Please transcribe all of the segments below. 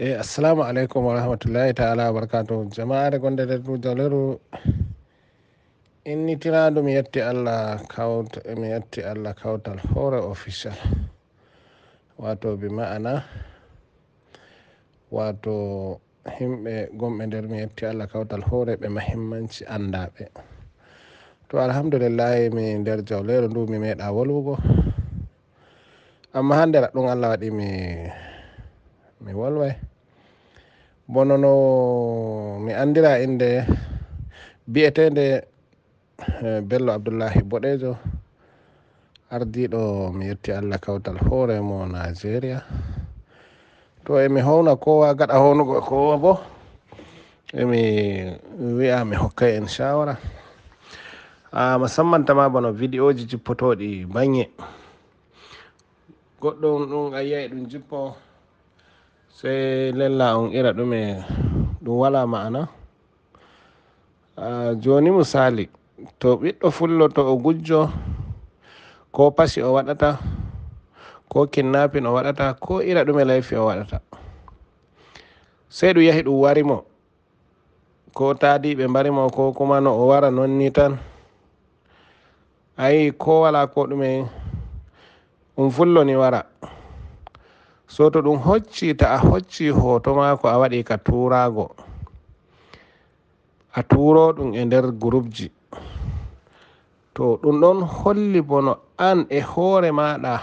eyi assalamu aleykum warahmatullahi taala wabarakatu jamaare gonde nder dujaleru innitiraandu mi yetti allah kawt mi yetti allah kawtal hoore official wato bi ma'ana wato himɓe gomɓe nder mi yetti allah kawtal hoore ɓe mahimmanci anndaɓe to alhamdulillahi mi nder jawleru ndu mi meeɗa wolwugo amma hannde raɗɗum allah waɗi mi mi wolway bono no mi andira inde mbiyetende e, bello abdoullahi boɗejo ardiɗo mi yetti allah kawtal hooremo nigéria to emi howna kowa gaɗa hownugo kowa bo emi wi'a mi hokkay en shawara musamman tama bono vidéo ji jippotoɗi bangge goɗɗo ɗum ayiyay ɗum jippo sey lella on ira ɗume ɗum wala ma'ana joni musali to ɓiɗɗo fulloto o gujjo ko pasi o waɗata ko kinnapin o waɗata ko ira ɗume layfi o waɗata sey ɗum yahi ɗum warimo ko taadiɓe mbarimo ko kuma no o wara non ni tan ayi ko wala ko ɗume um fulloni wara so to ɗum hocci ta a hocci hoto ma ko a waɗi ka turago a turo ɗum e nder groupji to ɗum ɗon holli bono an e hoore maɗa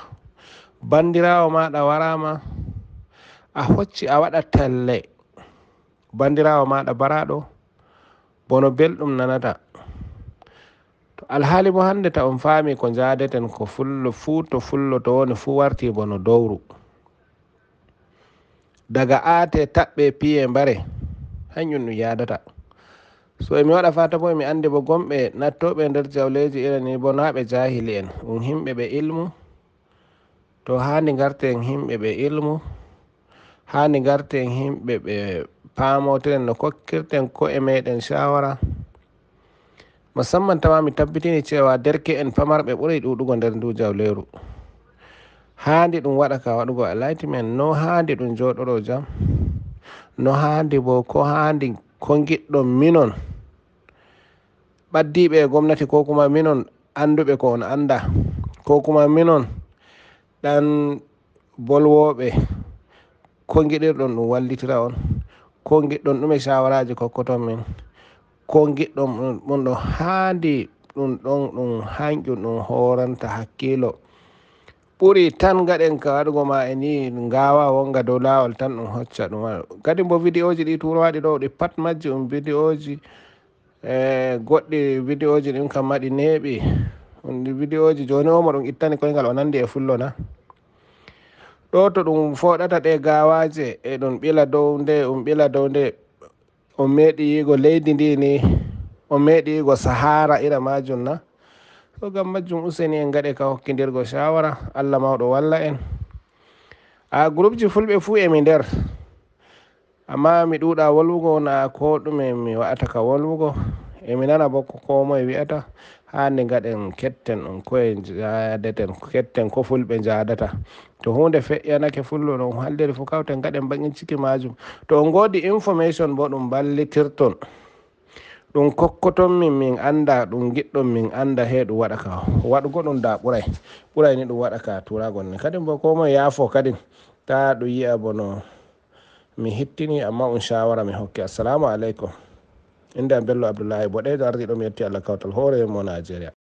bandirawo maɗa warama a hocci a waɗa talle bandirawo maɗa baraɗo bono belɗum nanata to alhaali bo hande ta on faami ko jadeten ko fullo fuu to fullo to woni fuu warti bono dowru daga aate taɓɓe piye mbare hañum no yaadata so emi waɗa fata bo emi andi bo gomɓe nattoɓe nder jawleji ira ni bo naɓe jahili en ɗum himɓe ɓe ilmu to hani garten himɓe ɓe ilmu hani garten himɓe ɓe paamoteren no kokkirten ko e meɗen shawara musamman tama mi tabbitini cewa derke en pamarɓe ɓuuri ɗuɗugo nder ndu jawleru haandi ɗum waɗa ka waɗugo a laati men no haandi ɗum jooɗoro jam no haandi bo ko haandi ko giɗɗo minon ɓaddiɓe e gomnati ko kuma minon annduɓe ko on annda ko kuma minon ɗan bolwoɓe ko giɗirɗon ɗum wallitira on ko giɗɗon ɗume shawaraji kokkoton min ko giɗɗon ɗum ɗo haandi ɗum ɗon ɗum hanƴum ɗum horanta hakkilo ɓuri tan gaɗen ka waɗugo ma e ni ngawa wonga dow lawol tan ɗum hocca ɗum kadi mbo vidéo ji ɗi turowaɗi ɗo ɗi pat majji ɗum vidéo ji e goɗɗi vidéo ji ɗin kam maɗi neeɓi ɗi vidéo ji joni omo ɗum ittani koygal o nandi e fullo na ɗo to ɗum foɗata ɗe gawaje e ɗum ɓila dow nde um ɓila dow nde o meeɗi yigo leydi ndi ni o meeɗi yigo sahara ira majum na ko gam majjum useni en gaɗe ka hokkidirgo shawara allah mawɗo walla en a groupe ji fulɓe fuu emi nder amma mi ɗuuɗa wolwugo na ko ɗume mi wa'ata ka wolwugo emi nana bo ko komoe wi'ata hande gaɗen ketten ɗum koye jadeten ketten ko fulɓe jadata to hunde feƴƴanake fullo ɗon halderi fo kawten gaɗen baƴin ciki majum to on godi information bo ɗum ballitirton ɗum kokkoton min min annda ɗum giɗɗon min annda he ɗum waɗa ka waɗugo ɗum da ɓuray ɓuray ni ɗum waɗa ka turagol ni kadi bo ko moe yaafo kadi ta ɗum yi'a bono mi hittini amma um shawara mi hokki assalamu aleykum inde am bello abdoullahi boɗeɗo ardiɗo mi yetti allah kawtal hoore e mo nigéria